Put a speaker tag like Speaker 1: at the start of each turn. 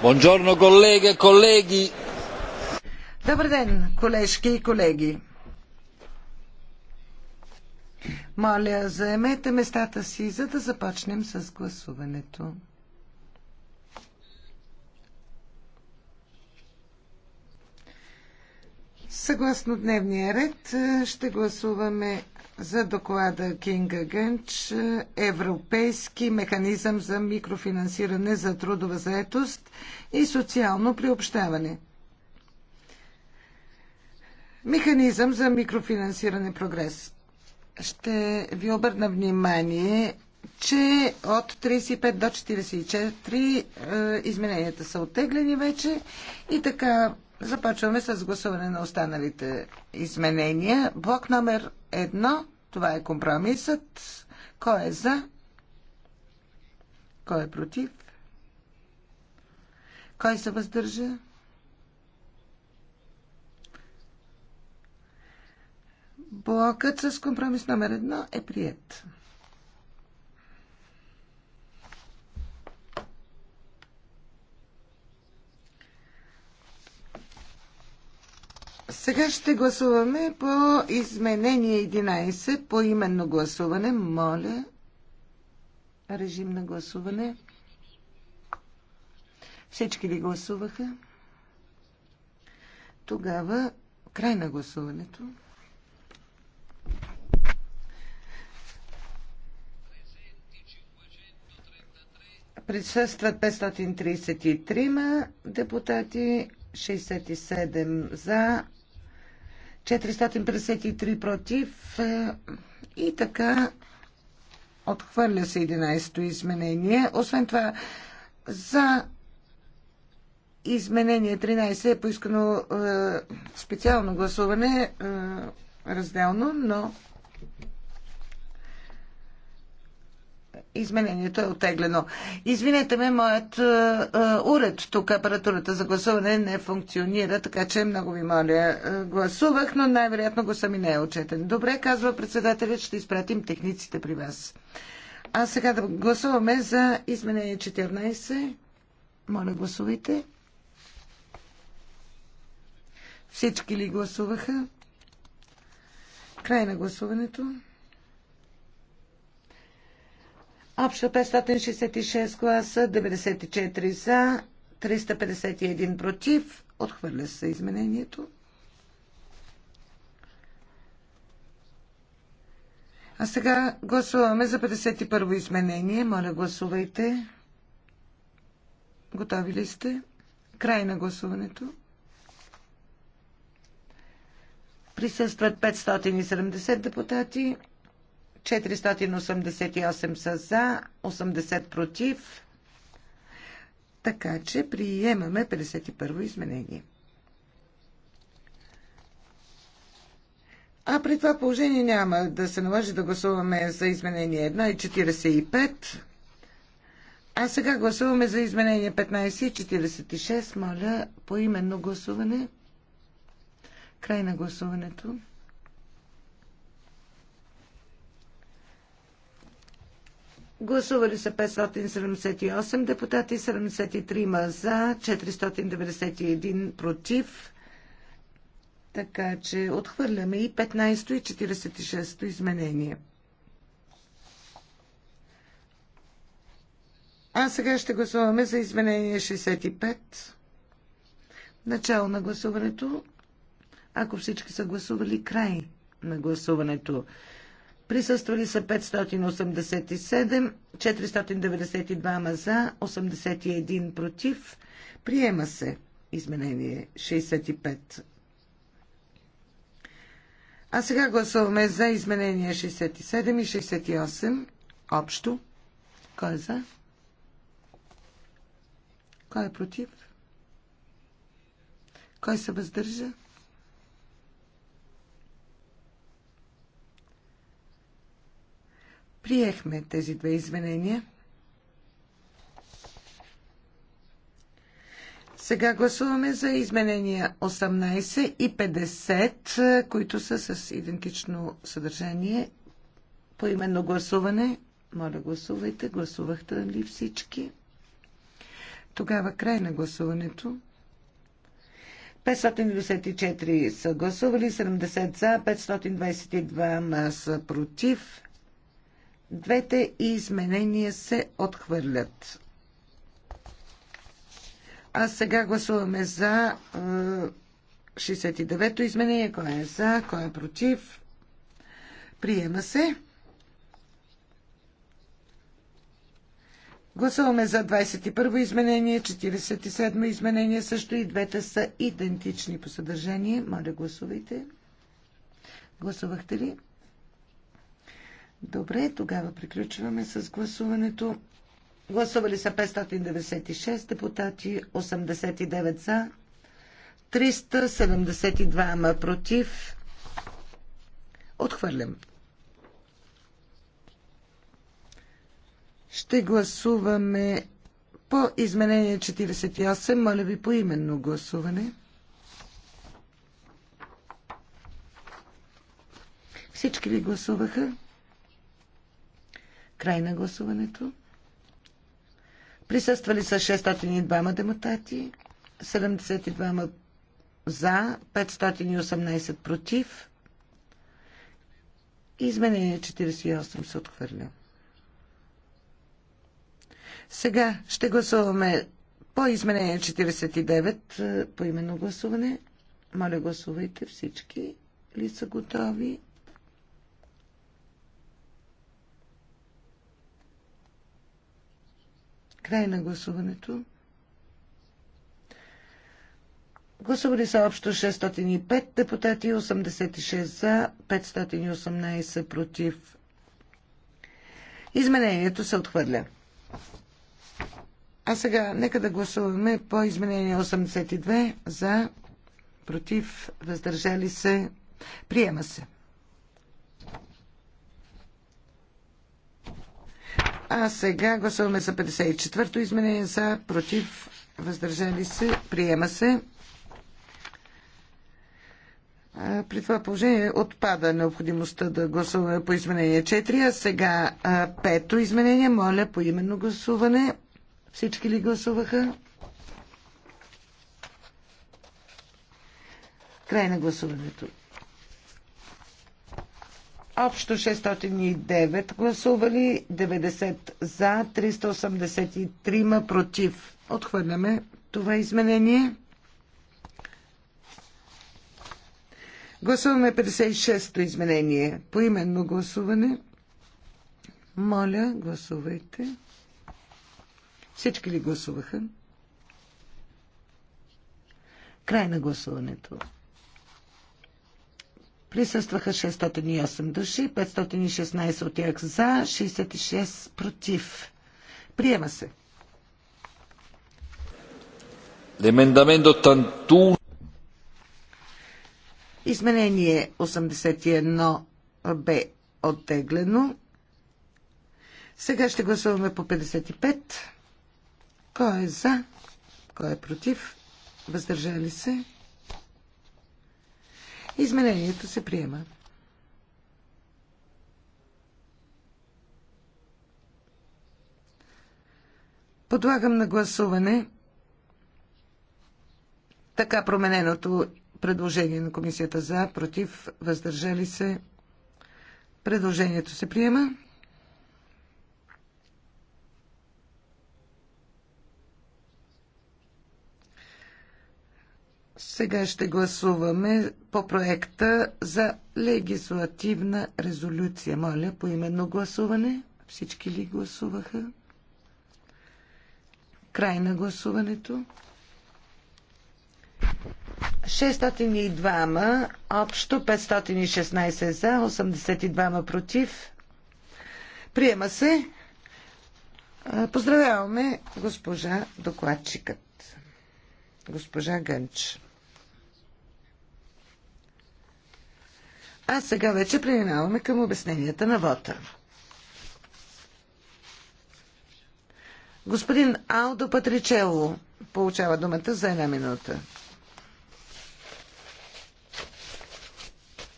Speaker 1: Buongiorno colleghe e colleghi. Добър ден, колежки и колеги. Моля, заемете местата си, за да започнем с гласуването. Съгласно дневния ред ще гласуваме за доклада Кинга Гънч Европейски механизъм за микрофинансиране за трудова заетост и социално приобщаване. Механизъм за микрофинансиране прогрес. Ще ви обърна внимание, че от 35 до 44 е, измененията са оттеглени вече и така Започваме с гласуване на останалите изменения. Блок номер едно, това е компромисът. Кой е за? Кой е против? Кой се въздържа? Блокът с компромис номер едно е прият. Сега ще гласуваме по изменение 11, по именно гласуване. Моля, режим на гласуване. Всички ли гласуваха? Тогава край на гласуването. Присъстват 533 депутати, 67 за, 453 против е, и така отхвърля се 11-то изменение. Освен това, за изменение 13 е поискано е, специално гласуване е, разделно, но Изменението е отеглено. Извинете ме, моят е, е, уред, тук апаратурата за гласуване не функционира, така че много ви моля. Е, гласувах, но най-вероятно го сами не е отчетен. Добре, казва председателят, ще изпратим техниците при вас. А сега да гласуваме за изменение 14. Моля, гласувайте. Всички ли гласуваха? Край на гласуването. Общо 566 гласа, 94 за, 351 против. Отхвърля се изменението. А сега гласуваме за 51-во изменение. Моля, гласувайте. Готови ли сте? Край на гласуването. Присъстват 570 депутати. 488 са за, 80 против. Така че приемаме 51 изменение. А при това положение няма да се наложи да гласуваме за изменение 1 и 45. А сега гласуваме за изменение 15 и 46. Моля, по именно гласуване. Край на гласуването. Гласували са 578 депутати, 73 за, 491 против. Така че отхвърляме и 15 и 46 изменение. А сега ще гласуваме за изменение 65. Начало на гласуването. Ако всички са гласували, край на гласуването. Присъствали са 587, 492 за, 81 против. Приема се изменение 65. А сега гласуваме за изменение 67 и 68 общо. Кой е за? Кой е против? Кой се въздържа? Приехме тези две изменения. Сега гласуваме за изменения 18 и 50, които са с идентично съдържание. По именно гласуване. Моля, гласувайте. Гласувахте ли всички? Тогава край на гласуването. 594 са гласували, 70 за, 522 са против. Двете изменения се отхвърлят. А сега гласуваме за 69-то е, изменение. Кой е за, кой е против? Приема се. Гласуваме за 21-во изменение, 47-о изменение също и двете са идентични по съдържание. Моля, гласувайте. Гласувахте ли? Добре, тогава приключваме с гласуването. Гласували са 596 депутати, 89 за, 372 ма против. Отхвърлям. Ще гласуваме по изменение 48. Моля ви по именно гласуване. Всички ли гласуваха? Край на гласуването. Присъствали са 602 демократи, 72 за, 518 против. Изменение 48 се отхвърля. Сега ще гласуваме по изменение 49 по именно гласуване. Моля, гласувайте всички ли са готови? Край на гласуването. Гласували са общо 605 депутати, 86 за, 518 против. Изменението се отхвърля. А сега нека да гласуваме по изменение 82 за, против, въздържали се, приема се. А сега гласуваме за 54-то изменение за против въздържали се. Приема се. При това положение отпада необходимостта да гласуваме по изменение 4, а сега пето изменение. Моля по именно гласуване. Всички ли гласуваха? Край на гласуването. Общо 609 гласували, 90 за, 383 против. Отхвърляме това изменение. Гласуваме 56-то изменение. По именно гласуване. Моля, гласувайте. Всички ли гласуваха? Край на гласуването. Присъстваха 608 души, 516 от тях за, 66 против. Приема се. Емендаменто 81. Изменение 81 бе оттеглено. Сега ще гласуваме по 55. Кой е за? Кой е против? Въздържали се? Изменението се приема. Подлагам на гласуване така промененото предложение на комисията за, против, въздържали се. Предложението се приема. Сега ще гласуваме по проекта за легислативна резолюция. Моля, по именно гласуване. Всички ли гласуваха? Край на гласуването. 602 общо 516 за, 82 против. Приема се. Поздравяваме госпожа докладчикът. Госпожа Гънч. А сега вече преминаваме към обясненията на вота. Господин Алдо Патричело получава думата за една минута.